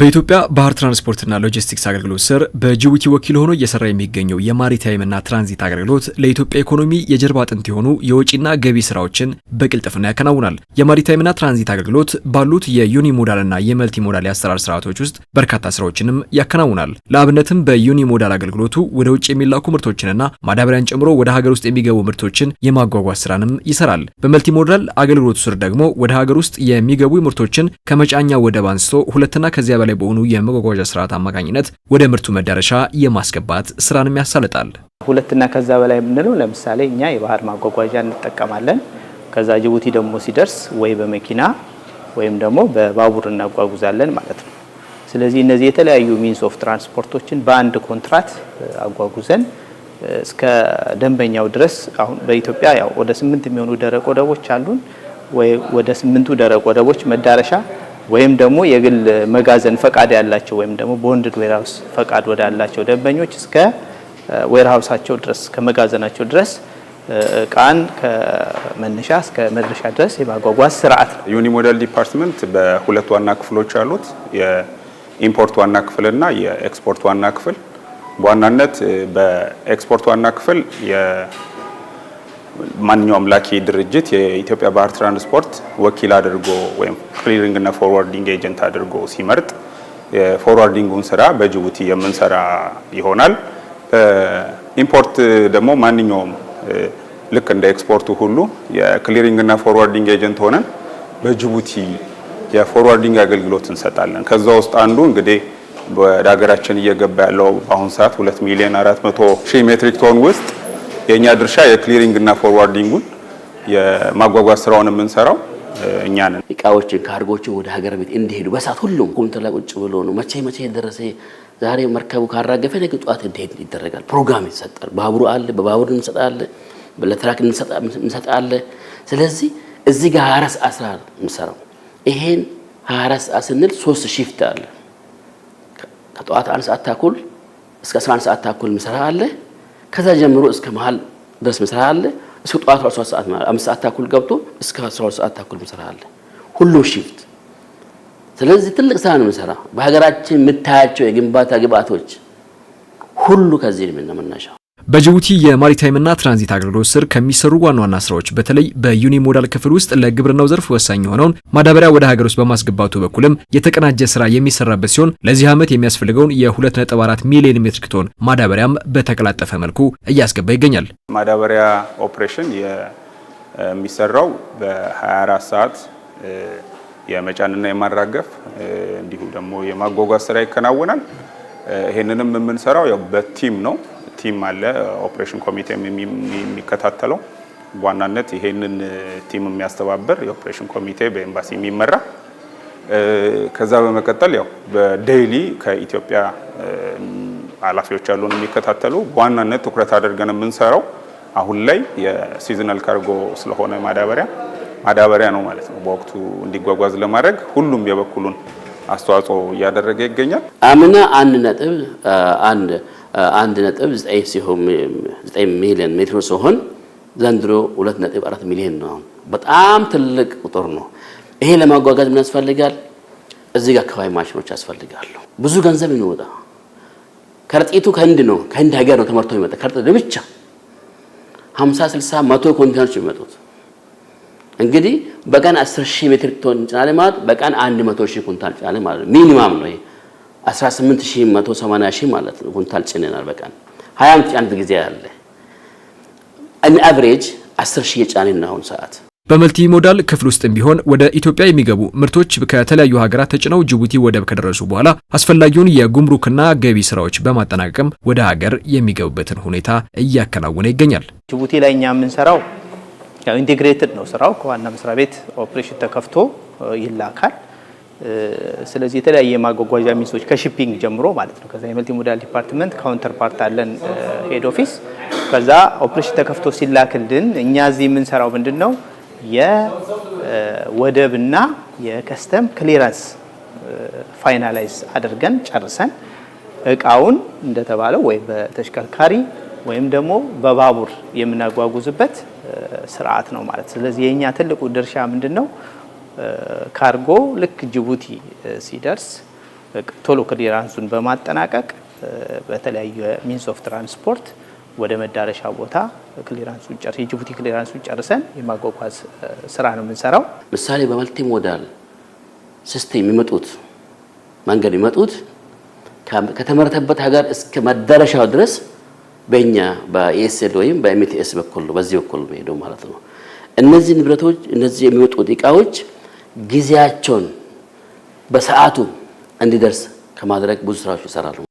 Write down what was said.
በኢትዮጵያ ባህር ትራንስፖርትና ሎጂስቲክስ አገልግሎት ስር በጅቡቲ ወኪል ሆኖ እየሰራ የሚገኘው የማሪታይምና ትራንዚት አገልግሎት ለኢትዮጵያ ኢኮኖሚ የጀርባ አጥንት የሆኑ የወጪና ገቢ ስራዎችን በቅልጥፍና ያከናውናል። የማሪታይምና ትራንዚት አገልግሎት ባሉት የዩኒ የመልቲ ሞዳል የአሰራር ስርዓቶች ውስጥ በርካታ ስራዎችንም ያከናውናል። ለአብነትም ሞዳል አገልግሎቱ ወደ ውጭ የሚላኩ ምርቶችንና ማዳበሪያን ጨምሮ ወደ ሀገር ውስጥ የሚገቡ ምርቶችን የማጓጓዝ ስራንም ይሰራል። በመልቲሞዳል አገልግሎቱ ስር ደግሞ ወደ ሀገር ውስጥ የሚገቡ ምርቶችን ከመጫኛ ወደብ አንስቶ ሁለትና ከዚያ በላይ በሆኑ የመጓጓዣ ስርዓት አማካኝነት ወደ ምርቱ መዳረሻ የማስገባት ስራንም ያሳልጣል። ሁለትና ከዛ በላይ የምንለው ለምሳሌ እኛ የባህር ማጓጓዣ እንጠቀማለን። ከዛ ጅቡቲ ደግሞ ሲደርስ ወይ በመኪና ወይም ደግሞ በባቡር እናጓጉዛለን ማለት ነው። ስለዚህ እነዚህ የተለያዩ ሚንስ ኦፍ ትራንስፖርቶችን በአንድ ኮንትራት አጓጉዘን እስከ ደንበኛው ድረስ አሁን በኢትዮጵያ ያው ወደ ስምንት የሚሆኑ ደረቅ ወደቦች አሉን። ወይ ወደ ስምንቱ ደረቅ ወደቦች መዳረሻ ወይም ደግሞ የግል መጋዘን ፈቃድ ያላቸው ወይም ደግሞ ቦንድድ ዌርሃውስ ፈቃድ ወዳላቸው ደንበኞች እስከ ዌርሃውሳቸው ድረስ ከመጋዘናቸው ድረስ እቃን ከመነሻ እስከ መድረሻ ድረስ የማጓጓዝ ስርዓት ነው። ዩኒ ሞዳል ዲፓርትመንት በሁለት ዋና ክፍሎች አሉት፣ የኢምፖርት ዋና ክፍልና የኤክስፖርት ዋና ክፍል። በዋናነት በኤክስፖርት ዋና ክፍል ማንኛውም ላኪ ድርጅት የኢትዮጵያ ባህር ትራንስፖርት ወኪል አድርጎ ወይም ክሊሪንግ እና ፎርዋርዲንግ ኤጀንት አድርጎ ሲመርጥ የፎርዋርዲንጉን ስራ በጅቡቲ የምንሰራ ይሆናል። ኢምፖርት ደግሞ ማንኛውም ልክ እንደ ኤክስፖርቱ ሁሉ የክሊሪንግ እና ፎርዋርዲንግ ኤጀንት ሆነን በጅቡቲ የፎርዋርዲንግ አገልግሎት እንሰጣለን። ከዛ ውስጥ አንዱ እንግዲህ ወደ ሀገራችን እየገባ ያለው በአሁኑ ሰዓት 2 ሚሊዮን 400 ሺህ ሜትሪክ ቶን ውስጥ የእኛ ድርሻ የክሊሪንግ እና ፎርዋርዲንጉን የማጓጓዝ ስራውን የምንሰራው እኛ ነን። እቃዎችን ካርጎችን ወደ ሀገር ቤት እንዲሄዱ በሳት ሁሉም ኮምፒውተር ላይ ቁጭ ብሎ ነው መቼ መቼ ደረሰ ዛሬ መርከቡ ካራገፈ ነገ ጠዋት እንዲሄድ ይደረጋል። ፕሮግራም ይሰጣል። ባቡሩ አለ፣ በባቡር እንሰጣለ፣ ለትራክ እንሰጣለ። ስለዚህ እዚህ ጋር 24 ሰዓት ስራ የምሰራው ይሄን 24 ሰዓት ስንል ሶስት ሺፍት አለ። ከጠዋት አንድ ሰዓት ተኩል እስከ 11 ሰዓት ተኩል ምሰራ አለ ከዛ ጀምሮ እስከ መሀል ድረስ መስራት አለ። እስከ ጠዋት 12 ሰዓት ማለት አምስት ሰዓት ታኩል ገብቶ እስከ 12 ሰዓት ታኩል መስራት አለ። ሁሉም ሺፍት። ስለዚህ ትልቅ ስራ ነው የምንሰራው። በሀገራችን የምታያቸው የግንባታ ግብአቶች ሁሉ ከዚህ ነው የምናመናሻው። በጅቡቲ የማሪታይምና ትራንዚት አገልግሎት ስር ከሚሰሩ ዋና ዋና ስራዎች በተለይ በዩኒ ሞዳል ክፍል ውስጥ ለግብርናው ዘርፍ ወሳኝ የሆነውን ማዳበሪያ ወደ ሀገር ውስጥ በማስገባቱ በኩልም የተቀናጀ ስራ የሚሰራበት ሲሆን ለዚህ ዓመት የሚያስፈልገውን የ2.4 ሚሊዮን ሜትሪክ ቶን ማዳበሪያም በተቀላጠፈ መልኩ እያስገባ ይገኛል። ማዳበሪያ ኦፕሬሽን የሚሰራው በ24 ሰዓት የመጫንና የማራገፍ እንዲሁም ደግሞ የማጓጓዝ ስራ ይከናወናል። ይህንንም የምንሰራው በቲም ነው። ቲም አለ ኦፕሬሽን ኮሚቴ የሚከታተለው በዋናነት ይሄንን ቲም የሚያስተባብር የኦፕሬሽን ኮሚቴ በኤምባሲ የሚመራ ከዛ በመቀጠል ያው በዴይሊ ከኢትዮጵያ ኃላፊዎች ያሉን የሚከታተሉ በዋናነት ትኩረት አድርገን የምንሰራው አሁን ላይ የሲዝናል ካርጎ ስለሆነ ማዳበሪያ ማዳበሪያ ነው ማለት ነው። በወቅቱ እንዲጓጓዝ ለማድረግ ሁሉም የበኩሉን አስተዋጽኦ እያደረገ ይገኛል። አምና አንድ ነጥብ አንድ አንድ ነጥብ ዘጠኝ ሚሊዮን ሜትር ሲሆን ዘንድሮ ሁለት ነጥብ አራት ሚሊዮን ነው። በጣም ትልቅ ቁጥር ነው። ይሄ ለማጓጓዝ ምን ያስፈልጋል? እዚህ ጋር አካባቢ ማሽኖች ያስፈልጋሉ። ብዙ ገንዘብ ወጣ ከረጢቱ ከህንድ ነው፣ ከህንድ ሀገር ነው ተመርቶ የሚመጣ ከረጢቱ ብቻ 50 60 መቶ ኮንቴነሮች የሚመጡት እንግዲህ በቀን አስር ሺህ ሜትሪክ ቶን እንጭናለን ማለት በቀን አንድ መቶ ሺህ ኩንታል እንጭናለን ማለት ነው። ሚኒማም ነው ይሄ 18180 ሺህ ማለት ነው ኩንታል ጭነናል በቀን 20 አንድ ጊዜ አለ አን አቨሬጅ 10 ሺህ የጫነን አሁን ሰዓት በመልቲ ሞዳል ክፍል ውስጥም ቢሆን ወደ ኢትዮጵያ የሚገቡ ምርቶች ከተለያዩ ሀገራት ተጭነው ጅቡቲ ወደብ ከደረሱ በኋላ አስፈላጊውን የጉምሩክና ገቢ ስራዎች በማጠናቀቅም ወደ ሀገር የሚገቡበትን ሁኔታ እያከናወነ ይገኛል። ጅቡቲ ላይ እኛ የምንሰራው ኢንቴግሬትድ ነው ስራው። ከዋና መስሪያ ቤት ኦፕሬሽን ተከፍቶ ይላካል። ስለዚህ የተለያየ የማጓጓዣ ሚንሶች ከሺፒንግ ጀምሮ ማለት ነው። ከዛ የመልቲ ሞዳል ዲፓርትመንት ካውንተር ፓርት አለን ሄድ ኦፊስ። ከዛ ኦፕሬሽን ተከፍቶ ሲላክልን እኛ እዚህ የምንሰራው ምንድን ነው የወደብና የከስተም ክሊራንስ ፋይናላይዝ አድርገን ጨርሰን እቃውን እንደተባለው ወይ በተሽከርካሪ ወይም ደግሞ በባቡር የምናጓጉዝበት ስርዓት ነው ማለት። ስለዚህ የእኛ ትልቁ ድርሻ ምንድን ነው? ካርጎ ልክ ጅቡቲ ሲደርስ ቶሎ ክሊራንሱን በማጠናቀቅ በተለያዩ ሚንስ ኦፍ ትራንስፖርት ወደ መዳረሻ ቦታ ክሊራንሱን ጨርሰን የጅቡቲ ክሊራንሱን ጨርሰን የማጓጓዝ ስራ ነው የምንሰራው። ምሳሌ በመልቲ ሞዳል ሲስቴም የሚመጡት መንገድ የሚመጡት ከተመረተበት ሀገር እስከ መዳረሻው ድረስ በእኛ በኢኤስኤል ወይም በኤምቲኤስ በኩል በዚህ በኩል ነው ሄደው ማለት ነው። እነዚህ ንብረቶች እነዚህ የሚወጡት እቃዎች ጊዜያቸውን በሰዓቱ እንዲደርስ ከማድረግ ብዙ ስራዎች ይሰራሉ